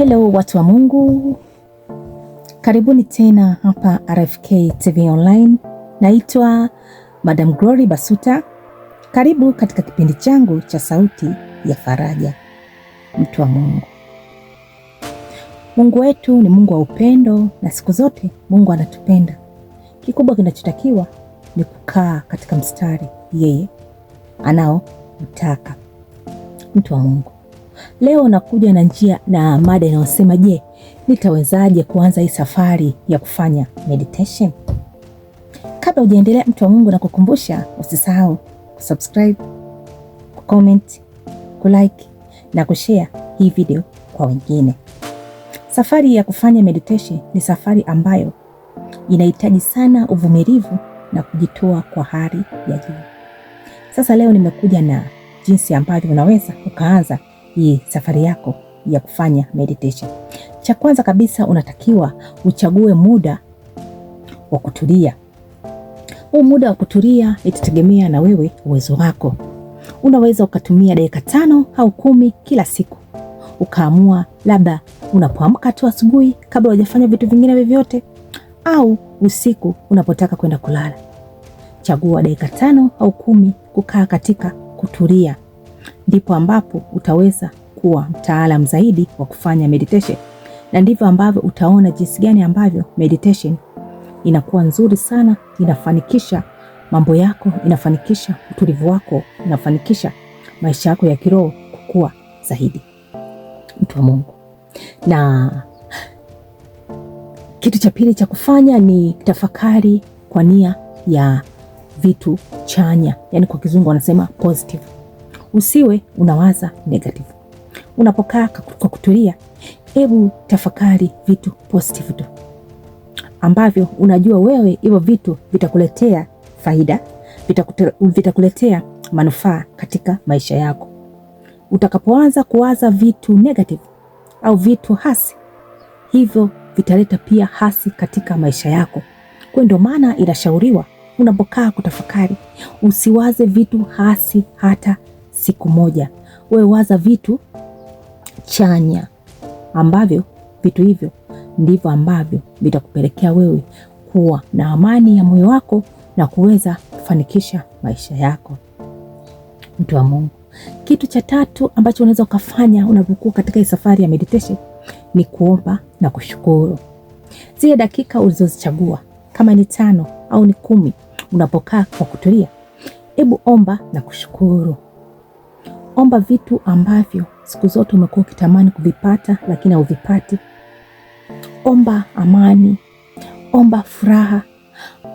Hello watu wa Mungu, karibuni tena hapa RFK TV Online. Naitwa Madam Glory Basuta. Karibu katika kipindi changu cha Sauti ya Faraja. Mtu wa Mungu, Mungu wetu ni Mungu wa upendo, na siku zote Mungu anatupenda. Kikubwa kinachotakiwa ni kukaa katika mstari yeye mtaka. Mtu wa Mungu, Leo nakuja na njia na mada inayosema je, nitawezaje kuanza hii safari ya kufanya meditation? Kabla hujaendelea, mtu wa Mungu, nakukumbusha usisahau kusubscribe, kucomment, kulike na kushare hii video kwa wengine. Safari ya kufanya meditation ni safari ambayo inahitaji sana uvumilivu na kujitoa kwa hali ya juu. Sasa leo nimekuja na jinsi ambavyo unaweza ukaanza hii safari yako ya kufanya meditation. Cha kwanza kabisa unatakiwa uchague muda wa kutulia. Huu muda wa kutulia itategemea na wewe uwezo wako. Unaweza ukatumia dakika tano au kumi kila siku, ukaamua labda unapoamka tu asubuhi, kabla hujafanya vitu vingine vyovyote, au usiku unapotaka kwenda kulala. Chagua dakika tano au kumi kukaa katika kutulia ndipo ambapo utaweza kuwa mtaalam zaidi wa kufanya meditation, na ndivyo ambavyo utaona jinsi gani ambavyo meditation inakuwa nzuri sana, inafanikisha mambo yako, inafanikisha utulivu wako, inafanikisha maisha yako ya kiroho kukua zaidi, mtu wa Mungu. Na kitu cha pili cha kufanya ni tafakari kwa nia ya vitu chanya, yani kwa kizungu wanasema positive Usiwe unawaza negative. Unapokaa kwa kutulia, hebu tafakari vitu positive tu ambavyo unajua wewe hivyo vitu vitakuletea faida, vitakuletea manufaa katika maisha yako. Utakapoanza kuwaza vitu negative au vitu hasi, hivyo vitaleta pia hasi katika maisha yako. Kwa ndio maana inashauriwa unapokaa kutafakari usiwaze vitu hasi hata siku moja. Wewe waza vitu chanya ambavyo vitu hivyo ndivyo ambavyo vitakupelekea wewe kuwa na amani ya moyo wako na kuweza kufanikisha maisha yako, mtu wa Mungu. Kitu cha tatu ambacho unaweza ukafanya unapokuwa katika safari ya meditation ni kuomba na kushukuru. Zile dakika ulizozichagua kama ni tano au ni kumi, unapokaa kwa kutulia, hebu omba na kushukuru. Omba vitu ambavyo siku zote umekuwa ukitamani kuvipata lakini hauvipati. Omba amani, omba furaha,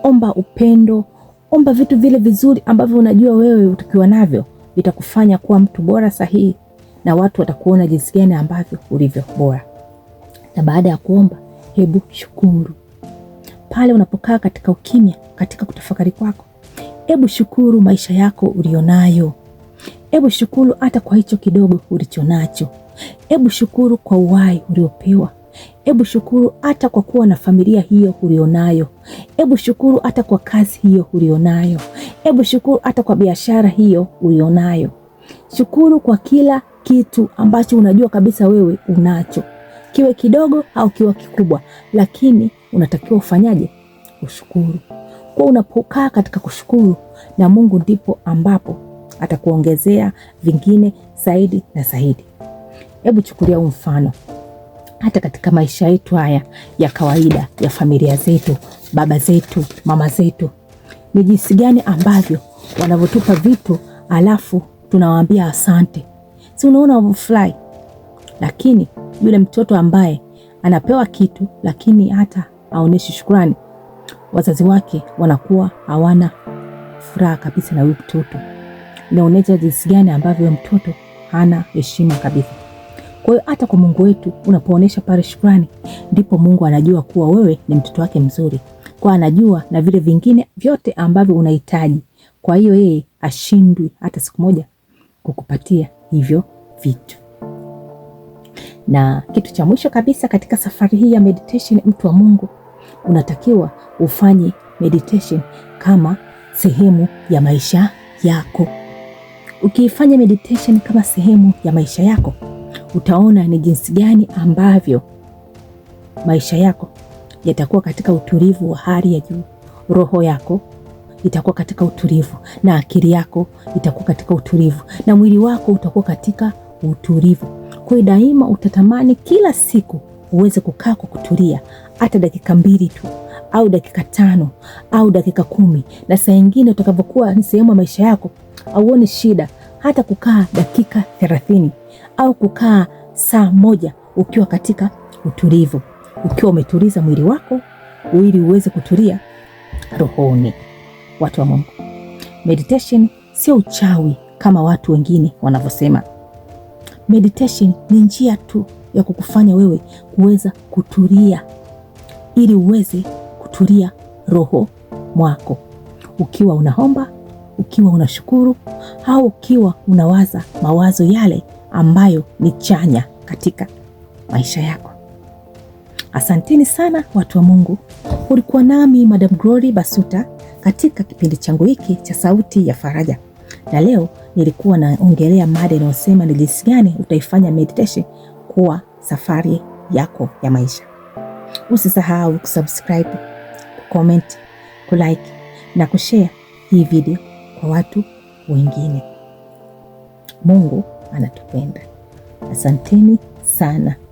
omba upendo, omba vitu vile vizuri ambavyo unajua wewe utakiwa navyo vitakufanya kuwa mtu bora sahihi, na watu watakuona jinsi gani ambavyo ulivyo bora. Na baada ya kuomba, hebu shukuru. Pale unapokaa katika ukimya, katika kutafakari kwako, hebu shukuru maisha yako ulionayo. Hebu shukuru hata kwa hicho kidogo ulicho nacho Hebu shukuru kwa uhai uliopewa. Hebu shukuru hata kwa kuwa na familia hiyo ulionayo. Hebu shukuru hata kwa kazi hiyo ulionayo. Hebu shukuru hata kwa biashara hiyo ulionayo. Shukuru kwa kila kitu ambacho unajua kabisa wewe unacho, kiwe kidogo au kiwe kikubwa, lakini unatakiwa ufanyaje? Ushukuru. Kwa unapokaa katika kushukuru, na Mungu ndipo ambapo atakuongezea vingine zaidi na zaidi. Hebu chukulia huu mfano hata katika maisha yetu haya ya kawaida ya familia zetu, baba zetu, mama zetu, ni jinsi gani ambavyo wanavyotupa vitu alafu tunawaambia asante, si unaona wavofurahi. Lakini yule mtoto ambaye anapewa kitu lakini hata aonyeshi shukrani, wazazi wake wanakuwa hawana furaha kabisa na huyu mtoto inaonyesha jinsi gani ambavyo mtoto hana heshima kabisa. Kwa hiyo hata kwa Mungu wetu unapoonesha pale shukrani, ndipo Mungu anajua kuwa wewe ni mtoto wake mzuri, kwa anajua na vile vingine vyote ambavyo unahitaji. Kwa hiyo yeye ashindwi hata siku moja kukupatia hivyo vitu. Na kitu cha mwisho kabisa katika safari hii ya meditation, mtu wa Mungu, unatakiwa ufanye meditation kama sehemu ya maisha yako. Ukiifanya meditation kama sehemu ya maisha yako, utaona ni jinsi gani ambavyo maisha yako yatakuwa katika utulivu wa hali ya juu. Roho yako itakuwa katika utulivu na akili yako itakuwa katika utulivu na mwili wako utakuwa katika utulivu. Kwa hiyo daima utatamani kila siku uweze kukaa kwa kutulia hata dakika mbili tu au dakika tano au dakika kumi, na saa ingine utakavyokuwa ni sehemu ya maisha yako auoni shida hata kukaa dakika thelathini au kukaa saa moja ukiwa katika utulivu, ukiwa umetuliza mwili wako ili uweze kutulia rohoni. Watu wa Mungu, meditation sio uchawi kama watu wengine wanavyosema. Meditation ni njia tu ya kukufanya wewe kuweza kutulia ili uweze kutulia roho mwako, ukiwa unaomba, ukiwa unashukuru, au ukiwa unawaza mawazo yale ambayo ni chanya katika maisha yako. Asanteni sana watu wa Mungu, ulikuwa nami Madam Glory Basuta katika kipindi changu hiki cha Sauti ya Faraja, na leo nilikuwa naongelea mada inayosema ni jinsi gani utaifanya meditation kuwa safari yako ya maisha. Usisahau kusubscribe kucomment, kulike na kushare hii video kwa watu wengine. Mungu anatupenda. Asanteni sana.